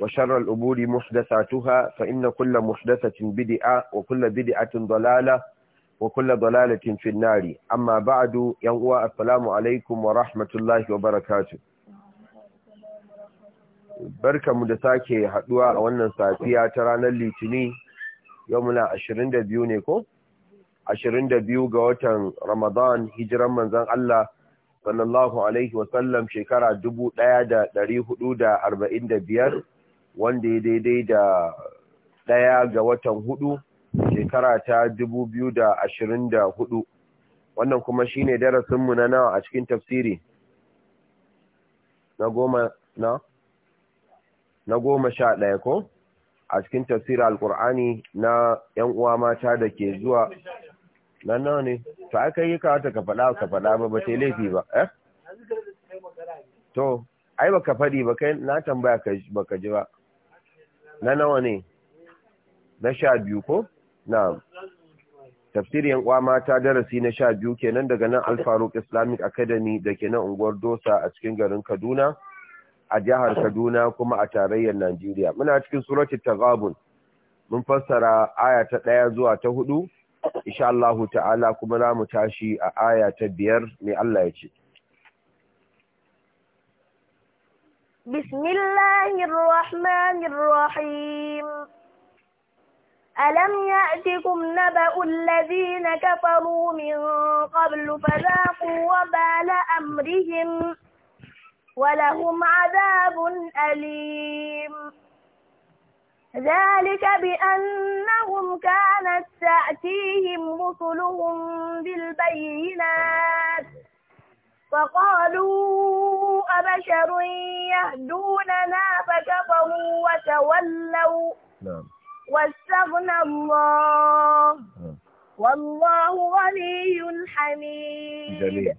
وشر الأمور محدثاتها فإن كل محدثة بدعة وكل بدعة ضلالة وكل ضلالة في النار أما بعد ينقوى السلام عليكم ورحمة الله وبركاته barka mu da sake haduwa a wannan safiya ta ranar litini yau muna 22 ne ko 22 ga watan ramadan hijiran manzon Allah sallallahu alaihi wasallam shekara 1445 wanda ya daidai da ɗaya ga watan hudu shekara ta dubu biyu da ashirin da hudu wannan kuma shi ne darasinmu na nawa a cikin tafsiri na goma na na goma sha ɗaya ko a cikin tafsiri alkur'ani na yan uwa mata da ke zuwa na nawa ne to aka yi ka ta ka faɗa ka faɗa ba ba yi laifi ba eh to ai ka faɗi ba kai na tambaya ba ka ji ba na nawa ne na sha biyu ko na tafsirin kwa mata darasi na sha biyu kenan daga nan alfaruk islamic academy da ke nan unguwar dosa a cikin garin kaduna a jihar kaduna kuma a tarayyar najeriya muna cikin surati tagabun mun fassara aya ta ɗaya zuwa ta hudu inshaAllahu ta'ala kuma za mu tashi a aya ta biyar mai Allah ya ce بسم الله الرحمن الرحيم ألم يأتكم نبأ الذين كفروا من قبل فذاقوا وبال أمرهم ولهم عذاب أليم ذلك بأنهم كانت تأتيهم رسلهم بالبينات فقالوا بشر يهدوننا فكفروا وتولوا واستغنى الله والله غني حميد جميل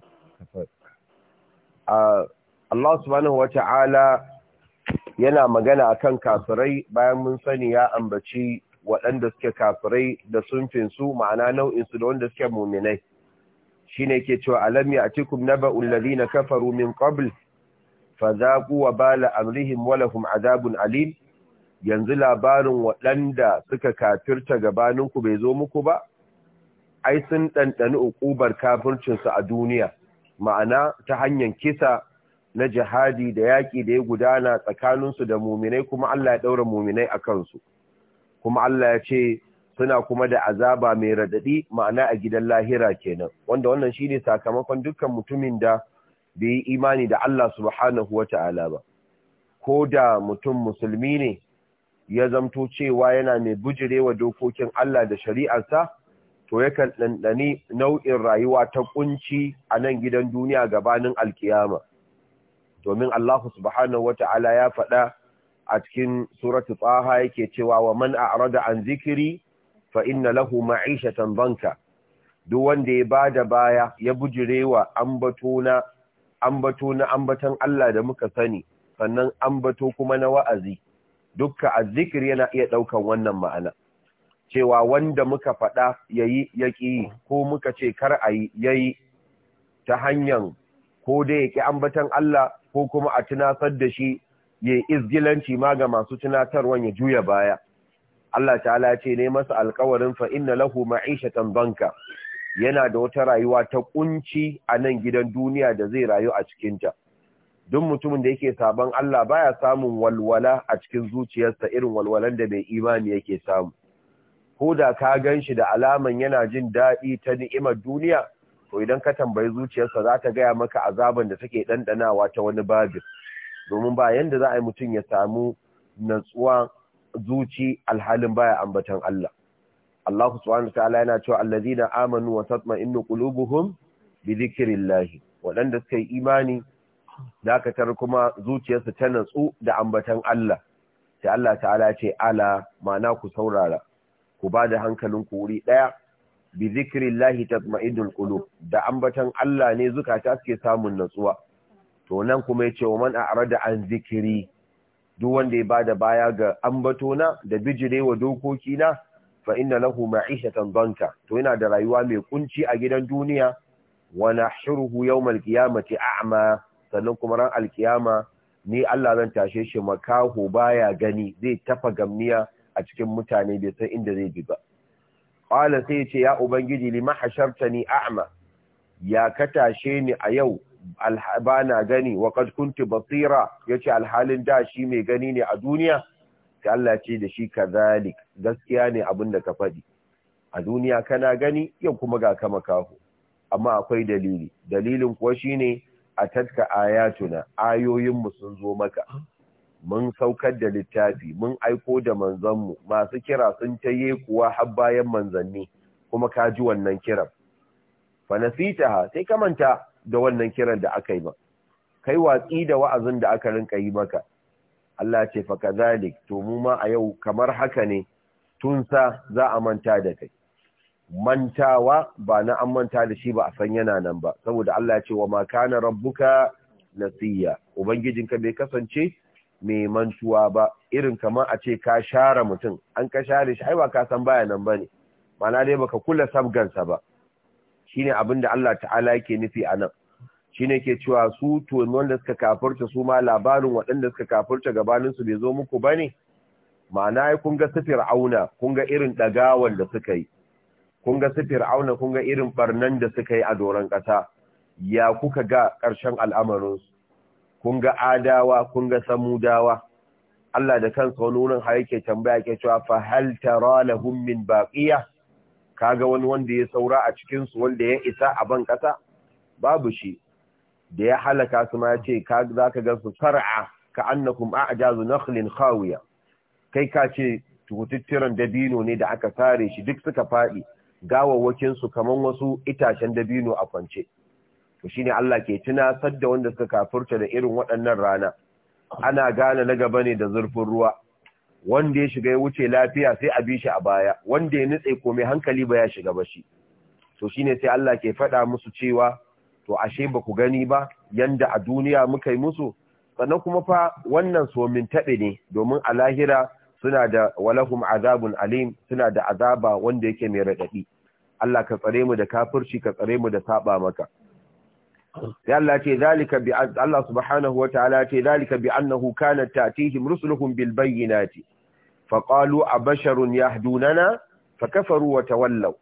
Allah سبحانه wa ينا yana magana akan kafirai bayan mun sani ya ambaci waɗanda suke kafirai da sunfinsu ma'ana nau'insu da wanda suke muminai. Shi ne ke cewa alam ya atikum naba'ul ladhina kafaru min qabl fazaku wa bala amrihim walahum azabun alim yanzu labarin waɗanda suka kafirta gabaninku bai zo muku ba ai sun ɗanɗani uƙubar kafircinsu a duniya ma'ana ta hanyar kisa na jihadi da yaƙi da ya gudana tsakaninsu da muminai kuma Allah ya ɗaura muminai a kansu kuma Allah ya ce suna kuma da azaba mai raɗaɗi ma'ana a gidan lahira kenan wanda wannan shine sakamakon dukkan mutumin da bai yi imani da Allah subhanahu wa ta'ala ba, ko da mutum musulmi ne ya zamto cewa yana mai bujirewa dokokin Allah da shari'arsa, to yakan ɗanɗani nau'in rayuwa ta ƙunci a nan gidan duniya gabanin alkiyama. Domin Allah subhanahu wa ta'ala ya faɗa a cikin suratu tsaha yake cewa wa man a'rada an zikiri fa inna lahu ma'ishatan banka duk wanda ya ba da baya ya bujirewa ambatona ambato na ambatan Allah da muka sani sannan ambato kuma na wa'azi dukka azzikir yana iya ɗaukan wannan ma'ana cewa wanda muka faɗa yayi yaki ko muka ce kar ayi yayi ta hanyar ko da yaki ambatan Allah ko kuma a tunasar da shi ya izgilanci ma ga masu tunatarwan ya juya baya Allah ta'ala ce ne masa alƙawarin fa inna lahu ma'ishatan banka yana da wata rayuwa ta kunci a nan gidan duniya da zai rayu a cikinta duk mutumin da yake sabon Allah baya samun walwala a cikin zuciyarsa irin walwalan da mai imani yake samu ko da ka gan shi da alaman yana jin daɗi ta ni'imar duniya to idan ka tambayi zuciyarsa za ta gaya maka azaban da take ɗanɗanawa ta wani babir, domin ba yanda za a yi mutum ya samu natsuwa zuci alhalin baya ambatan Allah Allah subhanahu ta'ala yana cewa allazina amanu wa tatma'innu qulubuhum bi dhikrillah waɗanda suka yi imani dakatar kuma zuciyarsu ta natsu da ambatan Allah sai Allah ta'ala ce ala ma'ana ku saurara ku ba da ku wuri ɗaya bi zikirillahi tatma'innul qulub da ambatan Allah ne zukata suke samun natsuwa to nan kuma yace wa man a'rada an zikiri duk wanda ya bada baya ga ambatona da bijirewa dokoki na fa inna lahu ma'ishatan danka to yana da rayuwa mai kunci a gidan duniya wa nahshuruhu yawmal qiyamati a'ma sannan kuma ran alkiyama ni Allah zan tashe shi makaho baya gani zai tafa gamniya a cikin mutane bai san inda zai bi ba qala sai ce ya ubangiji lima hashartani a'ma ya ka tashe ni a yau bana gani wa qad kunti basira yace alhalin da shi mai gani ne a duniya ka Allah ce da shi kazalik gaskiya ne abin da ka faɗi a duniya kana gani yau kuma ga kama kahu amma akwai dalili dalilin kuwa shine a tatka ayatuna ayoyinmu sun zo maka mun saukar da littafi mun aiko da manzanmu masu kira sun taye kuwa har bayan manzanni kuma ka ji wannan kiran fa nasitaha sai ka manta da wannan kiran da aka yi ba kai watsi da wa'azin da aka rinka yi maka Allah ce fa kazalik to mu ma a yau kamar haka ne tun sa za a manta da kai mantawa ba na an manta da shi ba a san yana nan ba saboda Allah ce wa ma kana rabbuka nasiya ka bai kasance mai mantuwa ba irin kamar a ce ka share mutum an ka share shi ai ba ka san baya nan bane mana dai baka kula sabgansa ba shine abin da Allah ta'ala yake nufi a nan shine ke cewa su to wanda suka kafirta su ma labarin waɗanda suka kafirta gabanin su bai zo muku bane ma'ana ai kun ga sifir auna kun irin dagawan da suka yi Kunga ga sifir auna kun irin barnan da suka yi a doron ƙasa ya kuka ga ƙarshen al'amarin Kunga adawa kunga ga samudawa Allah da kansa wani wurin har yake tambaya ke cewa fa hal tara lahum min baqiya kaga wani wanda ya saura a cikin wanda ya isa a ban ƙasa babu shi da ya halaka su ma ya ce za ka gansu sar'a ka annakum a'jazu nakhlin khawiya kai ka ce tututturan dabino ne da aka sare shi duk suka faɗi gawawwakin su kaman wasu itacen dabino a kwance to shine Allah ke tunasar da wanda suka kafurta da irin waɗannan rana ana gane na gaba ne da zurfin ruwa wanda ya shiga ya wuce lafiya sai a bi shi a baya wanda ya nutse komai hankali ba ya shiga ba shi to shine sai Allah ke faɗa musu cewa to ashe ba ku gani ba yanda a duniya muka yi musu sannan kuma fa wannan somin taɓe ne domin a lahira suna da walahum azabun alim suna da azaba wanda yake mai raɗaɗi Allah ka tsare mu da kafirci ka tsare mu da saba maka sai Allah ce zalika bi Allah subhanahu wataala ce zalika bi annahu kanat ta'tihim rusuluhum bil bayyinati faqalu abasharun yahdunana fakafaru wa tawallaw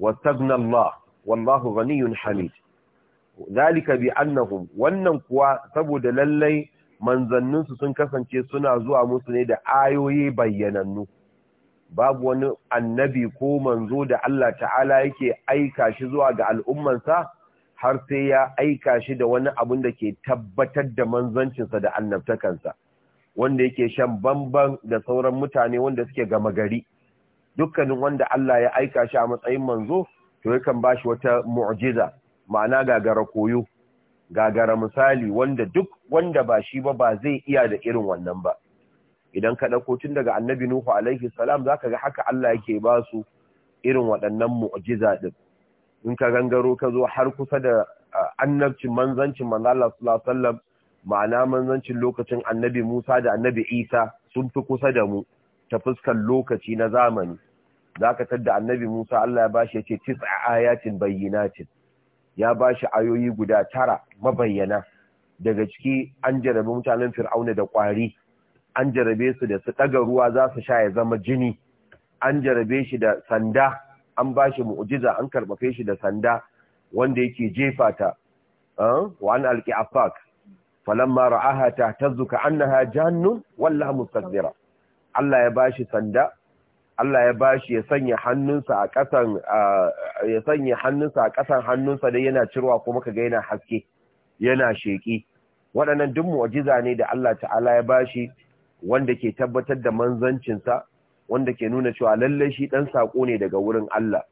wastaghna Allah wallahu ghaniyyun hamid zalika bi annahum wannan kuwa saboda lallai manzanninsu sun kasance suna zuwa musu ne da ayoyi bayyanannu babu wani annabi ko manzo da Allah ta'ala yake aika shi zuwa ga al'ummansa har sai ya aika shi da wani abun da ke tabbatar da manzancinsa da annabtakansa wanda yake shan bamban da sauran mutane wanda suke gama gari dukkanin wanda Allah ya aika shi a matsayin manzo to yakan bashi wata mu'jiza ma'ana gagara koyo gagara misali wanda duk wanda ba shi ba ba zai iya da irin wannan ba idan ka ɗauko tun daga annabi nuhu alaihi salam zaka ga haka Allah yake ba su irin waɗannan mu'jiza din in ka gangaro ka zo har kusa da annabcin manzancin manzo Allah sallallahu alaihi wasallam ma'ana manzancin lokacin annabi Musa da annabi Isa sun fi kusa da mu ta fuskar lokaci na zamani zaka tadda annabi Musa Allah ya bashi ya ce tis'a ayatin bayyinatin ya ba shi ayoyi guda tara mabayyana daga ciki an jarabe mutanen fir'auna da ƙwari an jarabe su da su ɗaga ruwa za su sha ya zama jini an jarabe shi da sanda an ba shi mu'jiza an karɓafe shi da sanda wanda yake jefa ta eh, wa an alki afak falamma ra'aha ta tazzuka annaha jahannum walla mustaqbira Allah ya ba shi sanda Allah ya bashi ya sanya hannunsa a ƙasan ya sanya hannunsa a ƙasan hannunsa da yana cirwa kuma kaga yana haske yana sheƙi. waɗannan duk mu'jiza ne da Allah ta'ala ya bashi wanda ke tabbatar da sa, wanda ke nuna cewa lallai shi ɗan sako ne daga wurin Allah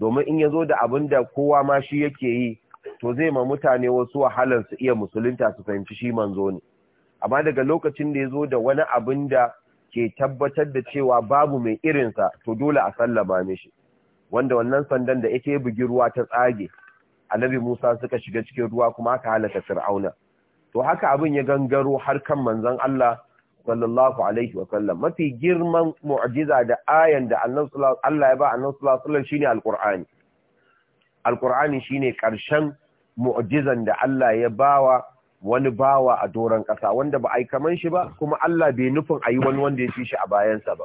domin in yazo da abin da kowa ma shi yake yi to zai ma mutane wasu wahalar su iya musulunta su fahimci shi manzo ne amma daga lokacin da yazo da wani abin da ke tabbatar da cewa babu mai irinsa to dole a sallama shi. wanda wannan sandan da yake bugi ruwa ta tsage annabi Musa suka shiga cikin ruwa kuma aka halaka Fir'auna to haka abin ya gangaro har kan manzon Allah sallallahu alaihi wa mafi girman mu'jiza da ayan da Allah ya ba annabi sallallahu alaihi shine alqur'ani alqur'ani shine karshen mu'jizan da Allah ya bawa wani bawa a doron ƙasa wanda ba a yi kamar shi ba kuma Allah bai nufin a yi wani wanda ya fi shi a bayansa ba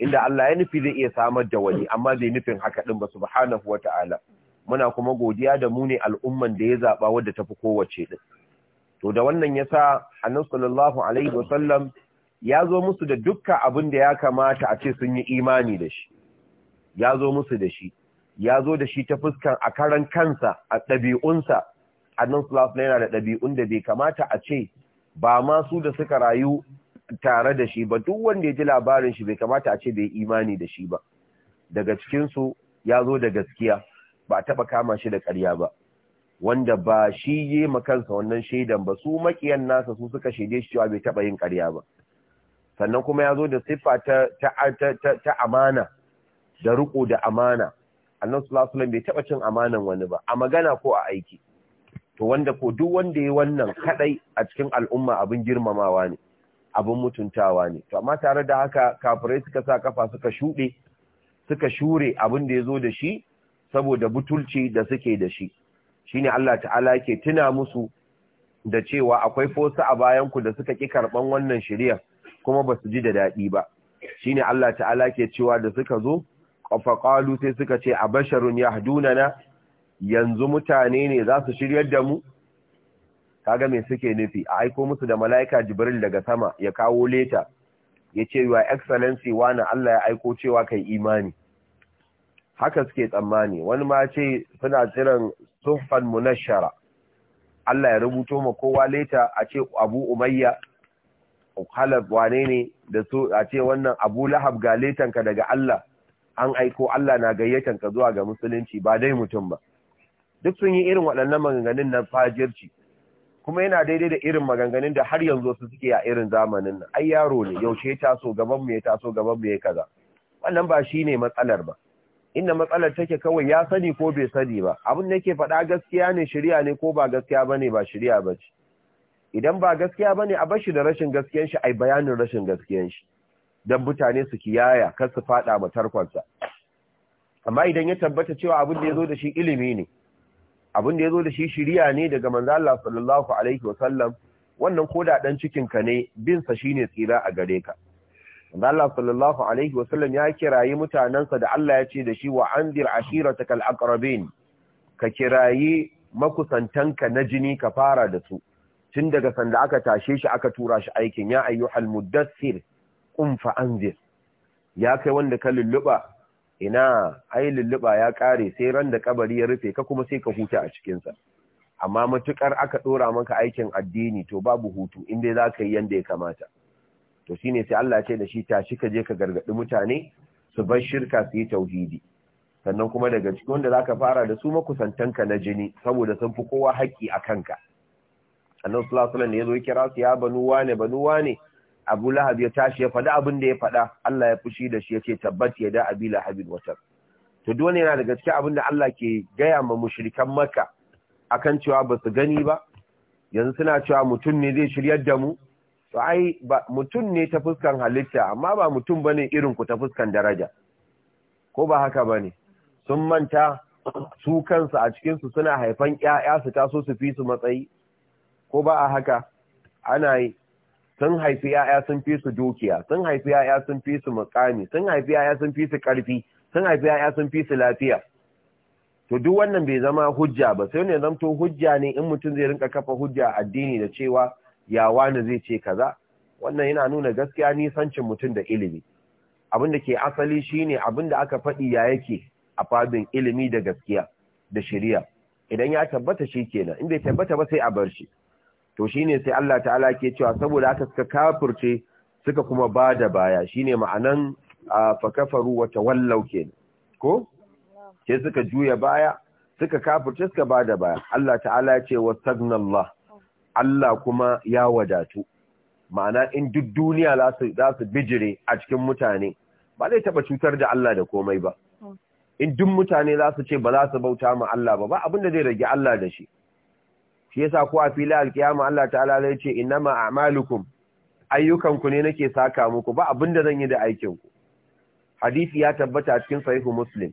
inda Allah ya nufi zai iya samar da wani amma bai nufin haka din ba subhanahu ta'ala. muna kuma godiya da mu ne al'umman da ya zaɓa wadda ta fi kowace ɗin. to da wannan yasa annabi sallallahu alaihi sallam, ya zo musu da dukka abin da ya kamata a ce sun yi imani da shi ya zo musu da shi ya zo da shi ta fuskan a karan kansa a ɗabi'unsa annan sulafin yana da ɗabi'un da bai kamata a ce ba ma su da suka rayu tare da shi ba duk wanda ya ji labarin shi bai kamata a ce bai imani da shi ba daga cikinsu ya zo da gaskiya ba taɓa kama shi da ƙarya ba wanda ba shi yi makansa wannan shaidan ba su makiyan nasa su suka shaide shi cewa bai taɓa yin ƙarya ba sannan kuma ya zo da siffa ta, amana da riƙo da amana annan sulasulun bai taɓa cin amanan wani ba a magana ko a aiki to wanda ko duk wanda ya wannan kadai a cikin al'umma abin girmamawa ne abin mutuntawa ne to amma tare da haka kafirai suka sa kafa suka shuɗe suka shure abin da yazo da shi saboda butulci da suke da shi shine Allah ta'ala yake tuna musu da cewa akwai fosu a bayanku da suka ki karɓan wannan shirya kuma ba su ji da dadi ba shine Allah ta'ala ke cewa da suka zo qafaqalu sai suka ce a basharun ya yanzu mutane ne za su shiryar da mu kaga me suke nufi a aiko musu da mala'ika jibril daga sama ya kawo leta ya ce wa excellency wani Allah ya aiko cewa kai imani haka suke tsammani wani ma ce suna mu na munashara Allah ya rubuto ma kowa leta a ce abu umayya halab wane ne da su a ce wannan abu lahab ga letanka daga Allah an aiko Allah na gayyatanka zuwa ga musulunci ba dai mutum ba duk sun yi irin waɗannan maganganun na fajirci kuma yana daidai da irin maganganun da har yanzu su suke a irin zamanin nan ai yaro ne yaushe ya taso gaban mu ya taso gaban mu ya kaza wannan ba shine matsalar ba inda matsalar take kawai ya sani ko bai sani ba abin da yake faɗa gaskiya ne shari'a ne ko ba gaskiya bane ba shari'a bace idan ba gaskiya bane a bar shi da rashin gaskiyan shi ai bayanin rashin gaskiyan shi dan mutane su kiyaya kar su faɗa ma tarkonsa amma idan ya tabbata cewa abin da ya zo da shi ilimi ne abin da ya zo da shi shiriya ne daga manzo Allah sallallahu alaihi wasallam wannan koda dan cikin ka ne bin sa shine tsira a gare ka manzo Allah sallallahu alaihi wasallam ya kirayi mutanansa da Allah ya ce da shi wa anzir ashiratakal aqrabin ka kirayi ka na jini ka fara da su tun daga sanda aka tashe shi aka tura shi aikin ya ayyuhal muddassir qum fa anzir ya kai wanda ka lulluba ina ai lulluba ya kare sai ran da kabari ya rufe ka kuma sai ka huta a cikinsa amma matukar aka dora maka aikin addini to babu hutu in dai zaka yi yanda ya kamata to shine sai Allah ya ce da shi tashi ka je ka gargadi mutane su bar shirka su yi tauhidi sannan kuma daga cikin wanda zaka fara da su makusantanka na jini saboda sun fi kowa haƙƙi a kanka annabi sallallahu alaihi wasallam ya zo kira su ya banu wane banu wane Abu Lahab ya tashi ya faɗi abin da ya faɗa Allah ya fushi da shi ya ce tabbat ya da abi lahabin watar to dole yana daga cikin abin da Allah ke gaya ma mushrikan Makka akan cewa ba su gani ba yanzu suna cewa mutum ne zai shiryar da mu to ai mutum ne ta fuskan halitta amma ba mutum bane irin ku ta fuskan daraja ko ba haka bane sun manta su kansu a cikin su suna haifan ƴaƴa su taso su fi su matsayi ko ba a haka ana yi sun haifi ‘ya'ya sun fi su dukiya, sun haifi ‘ya'ya sun fi su mukami, sun haifi ‘ya'ya sun fi su ƙarfi, sun haifi ‘ya'ya sun fi su lafiya. To duk wannan bai zama hujja ba, sai ne zamto hujja ne in mutum zai rinka kafa hujja a addini da cewa ya wani zai ce kaza. Wannan yana nuna gaskiya nisancin mutum da ilimi. Abin da ke asali shine abin da aka faɗi ya yake a fadin ilimi da gaskiya da shari'a. Idan ya tabbata shi kenan, in bai tabbata ba sai a bar shi. to shine sai Allah ta'ala ke cewa saboda haka suka kafirce suka kuma ba da baya shine ma'anan fa kafaru wa tawallau kenan ko ke suka juya baya suka kafirce suka ba da baya Allah ta'ala ya ce wastagnallah Allah kuma ya wadatu ma'ana in duk duniya za su bijire a cikin mutane ba zai taba cutar da Allah da komai ba hmm. in duk mutane za su ce ba za su bauta ma Allah ba ba abin da zai rage Allah da shi shi yasa ko a fili alkiyama Allah ta'ala zai ce innama a'malukum ayyukanku ne nake saka muku ba abinda zan yi da aikin ku hadisi ya tabbata a cikin sahihu muslim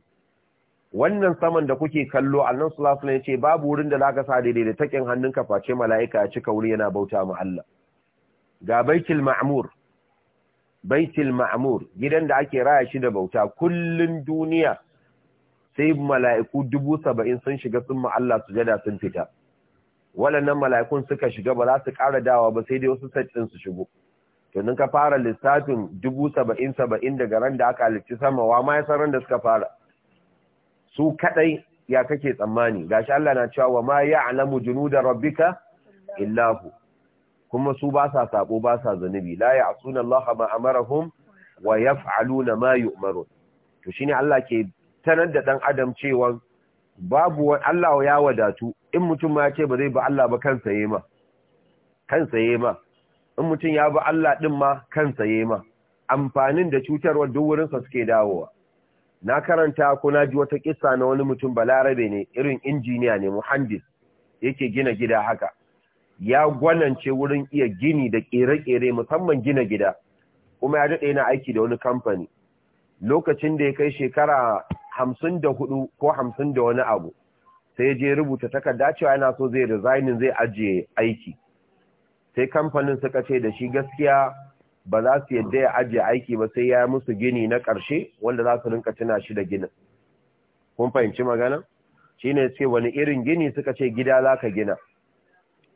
wannan saman da kuke kallo annabi sallallahu alaihi ce babu wurin da zaka sa daidai da takin hannunka face mala'ika ya cika wuri yana bauta ma Allah ga baitul ma'mur baitul ma'mur gidan da ake raya shi da bauta kullun duniya sai mala'iku dubu saba'in sun shiga sun ma Allah sujada sun fita waɗannan mala'ikun suka shiga ba za su ƙara dawa ba sai dai wasu sattin su shigo to ka fara lissafin dubu saba'in saba'in daga ran da aka halicci sama wa ma yasan ran da suka fara su kadai ya kake tsammani gashi Allah na cewa wa ma ya'lamu junuda rabbika illahu kuma su ba sa sabo ba sa zanubi la ya'suna Allah ma amarahum wa yaf'aluna ma yu'marun to shine Allah ke tanar da dan adam cewa babu Allah ya wadatu in mutum ma ya ce ba zai ba Allah ba kansa yi ma kansa yi ma in mutum ya ba Allah ɗin ma kansa yi ma amfanin da cutarwar duk wurinsa suke dawowa na karanta ko na ji wata kisa na wani mutum balarabe ne irin injiniya ne muhandis yake gina gida haka ya gwanance wurin iya gini da kere-kere musamman gina gida kuma ya daɗe yana aiki da wani kamfani lokacin da ya kai shekara hamsin da hudu ko hamsin da wani abu sai je rubuta takarda cewa yana so zai resigning zai ajiye aiki sai kamfanin suka ce da shi gaskiya ba za su yadda ya ajiye aiki ba sai ya musu gini na ƙarshe wanda za su rinka tuna shi da ginin kun fahimci magana shine ce wani irin gini suka ce gida za ka gina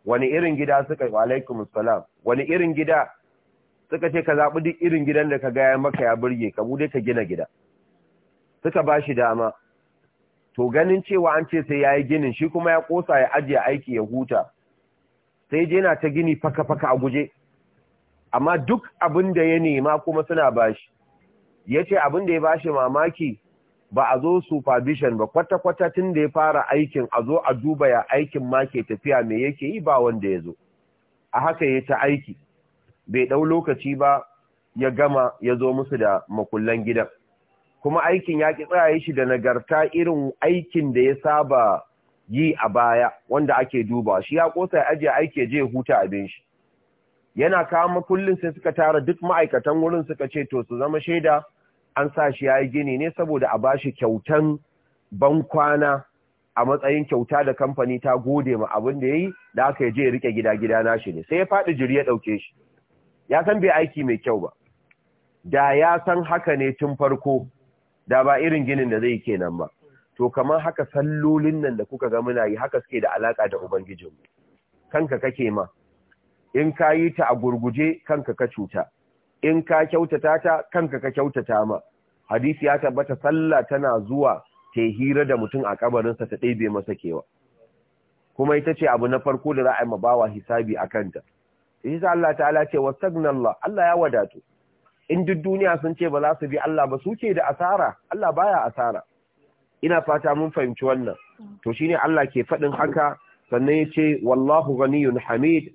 wani irin gida suka wa alaikum salam wani irin gida suka ce ka zaɓi duk irin gidan da ka gaya maka ya burge ka bude ka gina gida suka ba shi dama to ganin cewa an ce sai ya yi ginin shi kuma ya kosa ya ajiye aiki ya huta sai je ta gini faka faka a guje amma duk abin da ya nema kuma suna bashi ce abin da ya bashi mamaki ba a zo supervision ba kwata kwata tun da ya fara aikin a zo a duba ya aikin ma ke tafiya me yake yi ba wanda ya zo a haka ya ta aiki bai ɗau lokaci ba ya gama ya zo musu da makullan gidan kuma aikin ya ki tsaye shi da nagarta irin aikin da ya saba yi a baya wanda ake duba shi ya kosa ya ajiye aiki je huta abin shi yana kama kullum sai suka tara duk ma'aikatan wurin suka ce to su zama shaida an sa shi ya yi gini ne saboda a ba shi kyautan bankwana a matsayin kyauta da kamfani ta gode ma abin da ya yi da aka je ya rike gida gida na shi ne sai ya faɗi jiri ya ɗauke shi ya san bai aiki mai kyau ba da ya san haka ne tun farko da ba irin ginin da zai ke nan ba to kamar haka sallolin nan da kuka ga muna yi haka suke da alaka da ubangijinmu kanka kake ma in ka yi ta a gurguje kanka ka cuta in ka kyautata ta kanka ka kyautata ma hadisi ya tabbata sallah tana zuwa ta hira da mutum a kabarinsa ta ɗebe masa kewa kuma ita ce abu na farko da za a yi mabawa hisabi a kanta. Isa Allah ta'ala ce, wasu Allah, Allah ya wadatu, in duk duniya sun ce ba za su bi Allah ba su ke da asara Allah baya asara ina fata mun fahimci wannan to shine Allah ke faɗin haka sannan ya ce wallahu ghaniyun hamid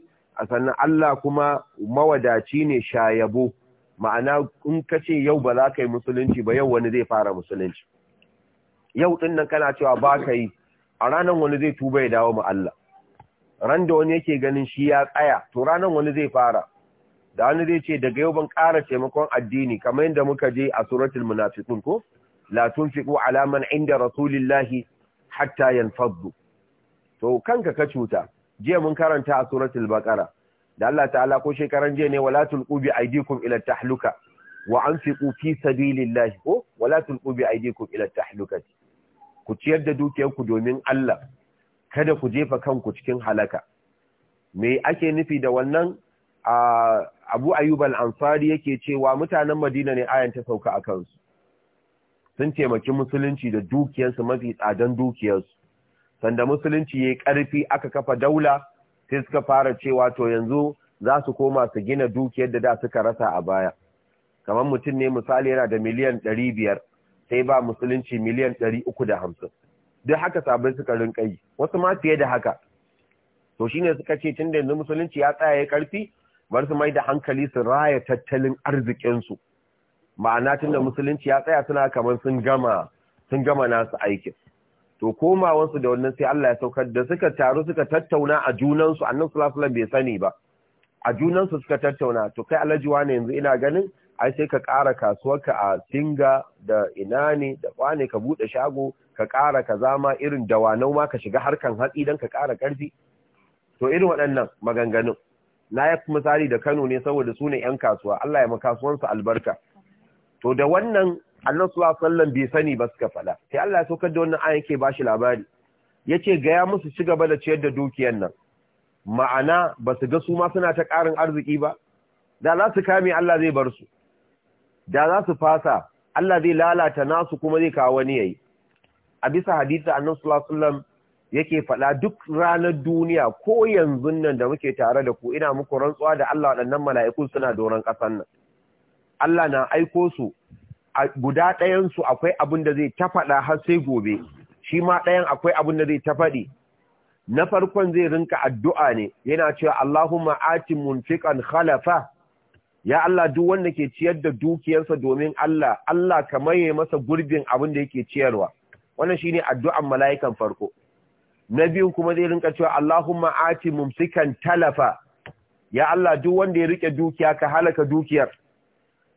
sannan Allah kuma mawadaci ne shayabo ma'ana in ka ce yau ba za ka musulunci ba yau wani zai fara musulunci yau din nan kana cewa ba ka yi a ranar wani zai tuba ya dawo mu Allah ran da wani yake ganin shi ya tsaya to ranan wani zai fara da wani zai ce daga yau ban ƙara taimakon addini kamar yadda muka je a suratul munafiqun ko la tunfiqu ala man inda rasulillahi hatta yanfaddu to kanka ka cuta jiya mun karanta a suratul baqara da Allah ta'ala ko shekaran jiya ne wala tulqu bi aydikum ila tahluka wa anfiqu fi sabilillahi ko wala tulqu bi aydikum ila tahlukati ku ciyar da dukiyarku domin Allah kada ku jefa kanku cikin halaka me ake nufi da wannan Abu Ayyub al-Ansari yake cewa mutanen Madina ne ayan ta sauka a kansu sun taimaki musulunci da dukiyarsu mafi tsadan dukiyarsu sanda musulunci yayi karfi aka kafa daula sai suka fara cewa to yanzu za su koma su gina dukiyar da da suka rasa a baya kamar mutum ne misali yana da miliyan 500 sai ba musulunci miliyan 350 duk haka sabai suka rinka yi wasu ma fiye da haka to shine suka ce tunda yanzu musulunci ya tsaya ya karfi bar su mai da hankali su raya tattalin arzikinsu ma'ana tun da musulunci ya tsaya suna kamar sun gama sun gama nasu aiki. to komawansu da wannan sai Allah ya saukar da suka taru suka tattauna a junansu annan sulasulan bai sani ba a junansu suka tattauna to kai alhaji wane yanzu ina ganin ai sai ka ƙara kasuwarka a singa da ina ne da kwane ka buɗe shago ka ƙara ka zama irin dawanau ma ka shiga harkan hatsi don ka ƙara ƙarfi to irin waɗannan maganganun na yafi misali da Kano ne saboda su ne ‘yan kasuwa, Allah ya makasuwansu albarka. To da wannan Allah sallallahu alaihi bai sani ba suka fada. Sai Allah ya saukar da wannan ayan ke ba shi labari. Yace gaya musu ci gaba da ciyar da dukiyan nan. Ma'ana ba su ga su ma suna ta ƙarin arziki ba. Da za su kame Allah zai bar su. Da za su fasa Allah zai lalata nasu kuma zai kawo wani yayi. A bisa hadisi Annabi sallallahu alaihi yake faɗa duk ranar duniya ko yanzu nan da muke tare da ku ina muku rantsuwa da Allah waɗannan mala'ikun suna doron ƙasar nan. Allah na aiko su a guda ɗayansu akwai abin da zai ta faɗa har sai gobe, shi ma ɗayan akwai abin da zai ta faɗi. Na farkon zai rinka addu'a ne, yana cewa Allahumma ati munfiqan khalafa, ya Allah duk wanda ke ciyar da dukiyarsa domin Allah, Allah ka maye masa gurbin abin da yake ciyarwa. Wannan shine addu'an mala'ikan farko. na biyun kuma zai rinka cewa Allahumma ati mumsikan talafa ya Allah duk wanda ya rike dukiya ka halaka dukiyar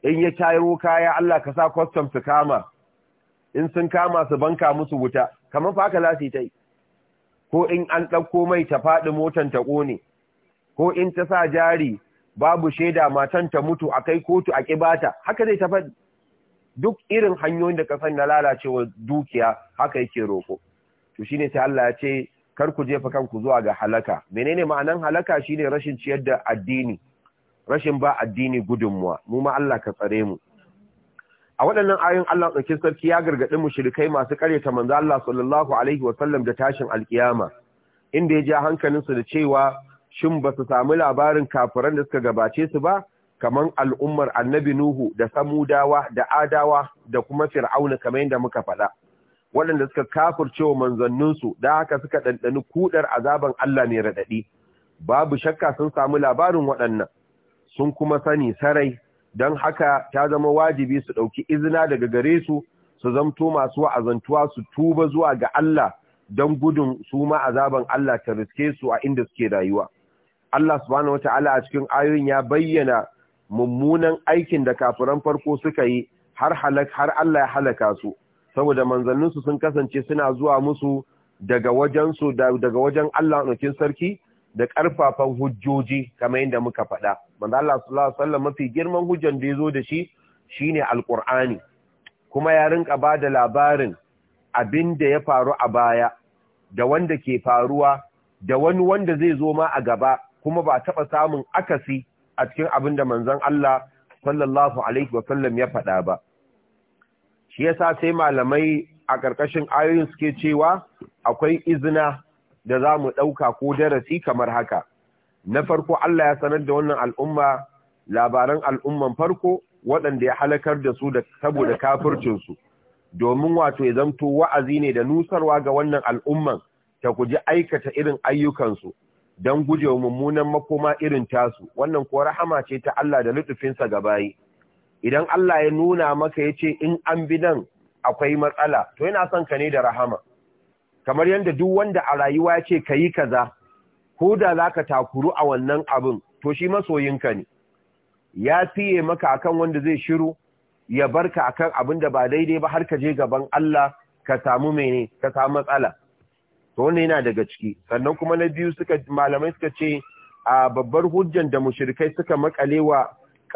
in ya tayaro kaya Allah ka sa custom su kama in sun kama su banka musu wuta kamar fa haka lati tai ko in an ɗauko mai ta faɗi motan ta kone ko in ta sa jari babu shaida matan ta mutu a kai kotu a ƙibata haka zai ta fadi duk irin hanyoyin da ka san na lalacewa dukiya haka yake roko to shine sai Allah ya ce kar ku jefa kanku zuwa ga halaka menene ma'anan halaka shine rashin ciyar da addini rashin ba addini gudunmuwa mu ma Allah ka tsare mu a waɗannan ayoyin Allah ɗauki sarki ya gargaɗi mushrikai masu ta manzo Allah sallallahu alaihi wa sallam da tashin alkiyama inda ya ja hankalin su da cewa shin ba su samu labarin kafiran da suka gabace su ba kaman al'ummar annabi Nuhu da Samudawa da Adawa da kuma Fir'auna kamar yadda muka faɗa waɗanda suka wa manzanninsu da haka suka ɗanɗani kuɗar azaban Allah mai raɗaɗi babu shakka sun samu labarin waɗannan sun kuma sani sarai don haka ta zama wajibi su ɗauki izina daga gare su su zamto masu wa'azantuwa su tuba zuwa ga Allah don gudun su ma azaban Allah ta riske su a inda suke rayuwa. Allah subhanahu wata'ala a cikin ayoyin ya bayyana mummunan aikin da kafuran farko suka yi har har Allah ya halaka su saboda manzanninsu sun kasance suna zuwa musu daga wajensu daga wajen Allah ɗaukin sarki da ƙarfafan hujjoji kamar yadda muka faɗa. Manzo Allah sallallahu alaihi wasallam mafi girman hujjan da ya zo da shi shine Alƙur'ani. Kuma ya rinka ba da labarin abin da ya faru a baya da wanda ke faruwa da wani wanda zai zo ma a gaba kuma ba taɓa samun akasi a cikin abin da manzon Allah sallallahu alaihi wasallam ya faɗa ba. shi yasa sai malamai a ƙarƙashin ayoyin suke cewa akwai izina da za mu ɗauka ko darasi kamar haka na farko Allah ya sanar da wannan al'umma labaran al'umman farko waɗanda ya halakar da su saboda kafircinsu domin wato ya zamto wa'azi ne da nusarwa ga wannan al'umman ta kuji aikata irin ayyukansu don gujewa mummunan makoma irin tasu wannan ko rahama ce ta Allah da lutufinsa ga bayi idan Allah ya nuna maka ya ce in an bi nan akwai matsala to yana son ka ne da rahama kamar yadda duk wanda a rayuwa ya ce ka yi kaza ko da za ka takuru a wannan abin to shi masoyinka ne ya fiye maka akan wanda zai shiru ya barka akan abin da ba daidai ba har ka je gaban Allah ka samu mene ka samu matsala to wanda yana daga ciki sannan kuma na biyu suka malamai suka ce a babbar hujjan da mushirikai suka makalewa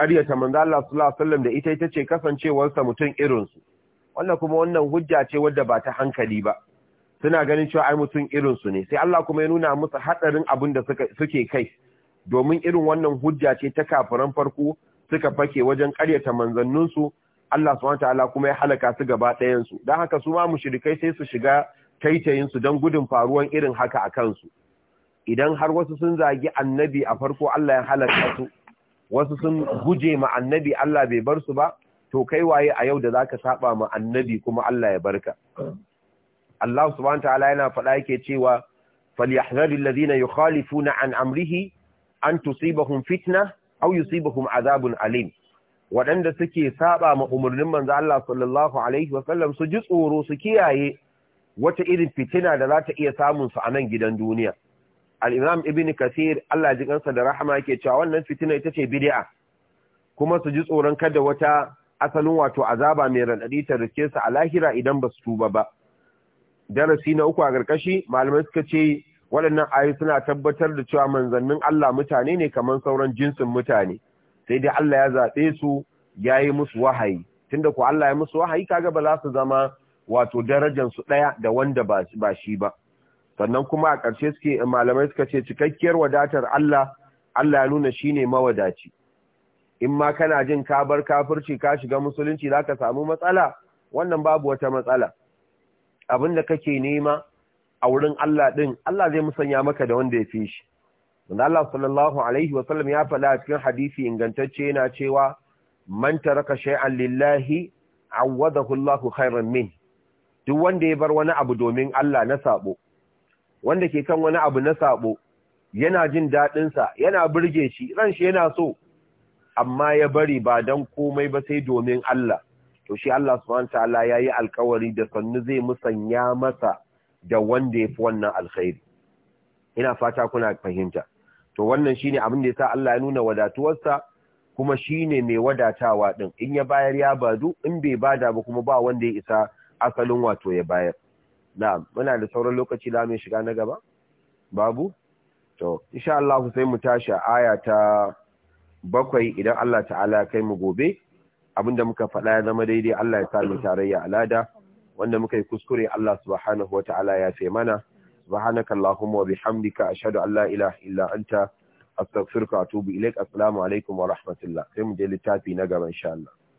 ƙaryata manzo Allah sallallahu alaihi wasallam da ita ita ce kasancewarsa mutum irinsu wannan kuma wannan hujja ce wadda ba ta hankali ba suna ganin cewa ai mutum irinsu ne sai Allah kuma ya nuna musu hadarin abin da suke kai domin irin wannan hujja ce ta kafiran farko suka fake wajen ƙaryata manzanninsu Allah subhanahu wataala kuma ya halaka su gaba ɗayan su dan haka su ma mushrikai sai su shiga taitayin su dan gudun faruwan irin haka a kansu idan har wasu sun zagi annabi a farko Allah ya halaka su wasu sun guje ma annabi Allah bai bar su ba to kai waye a yau da zaka saba ma annabi kuma Allah ya barka Allah subhanahu wataala yana faɗa yake cewa falyahdharu alladhina yukhalifuna an amrihi an tusibahum fitna aw yusibahum azabun alim waɗanda suke saba ma umarnin manzo Allah sallallahu alaihi su ji tsoro su kiyaye wata irin fitina da za ta iya samun su a nan gidan duniya al-imam ibn kathir Allah ji kansa da rahama yake cewa wannan fitina ita ce bid'a kuma su ji tsoron kada wata asalin wato azaba mai radadi ta rike su a lahira idan ba su tuba ba darasi na uku a karkashi malamai suka ce waɗannan ayoyi suna tabbatar da cewa manzannin Allah mutane ne kamar sauran jinsin mutane sai dai Allah ya zaɓe su ya yi musu wahayi tunda ko Allah ya musu wahayi kaga ba za su zama wato darajar su ɗaya da wanda ba shi ba sannan kuma a ƙarshe suke malamai suka ce cikakkiyar wadatar Allah Allah ya nuna shi ne mawadaci in ma kana jin ka bar kafirci ka shiga musulunci za ka samu matsala wannan babu wata matsala abin da kake nema a wurin Allah ɗin, Allah zai musanya maka da wanda ya fi shi wanda Allah sallallahu alaihi wa sallam ya faɗa cikin hadisi ingantacce yana cewa man taraka shay'an lillahi awadahu Allahu khairan min duk wanda ya bar wani abu domin Allah na sabo wanda ke kan wani abu na sabo yana jin daɗinsa yana birge shi ran shi yana so amma ya bari ba don komai ba sai domin Allah to shi Allah subhanahu ya yi alƙawari da sannu zai musanya masa da wanda yafi wannan alkhairi ina fata kuna fahimta to wannan shine abin da yasa Allah ya nuna wadatuwarsa kuma shine mai wadatawa din in ya bayar ya badu in bai bada ba kuma ba wanda ya isa asalin wato ya bayar na'am muna da sauran lokaci da mu shiga na gaba babu to insha Allah sai mu tashi aya ta bakwai idan Allah ta'ala ya kai mu gobe abinda muka faɗa ya zama daidai Allah ya sa mu tarayya alada wanda muka yi kuskure Allah subhanahu wata'ala ya fe mana subhanaka allahumma wa bihamdika ashhadu an la ilaha illa anta astaghfiruka wa atubu ilaik assalamu alaikum wa rahmatullah sai mu je littafi na gaba insha Allah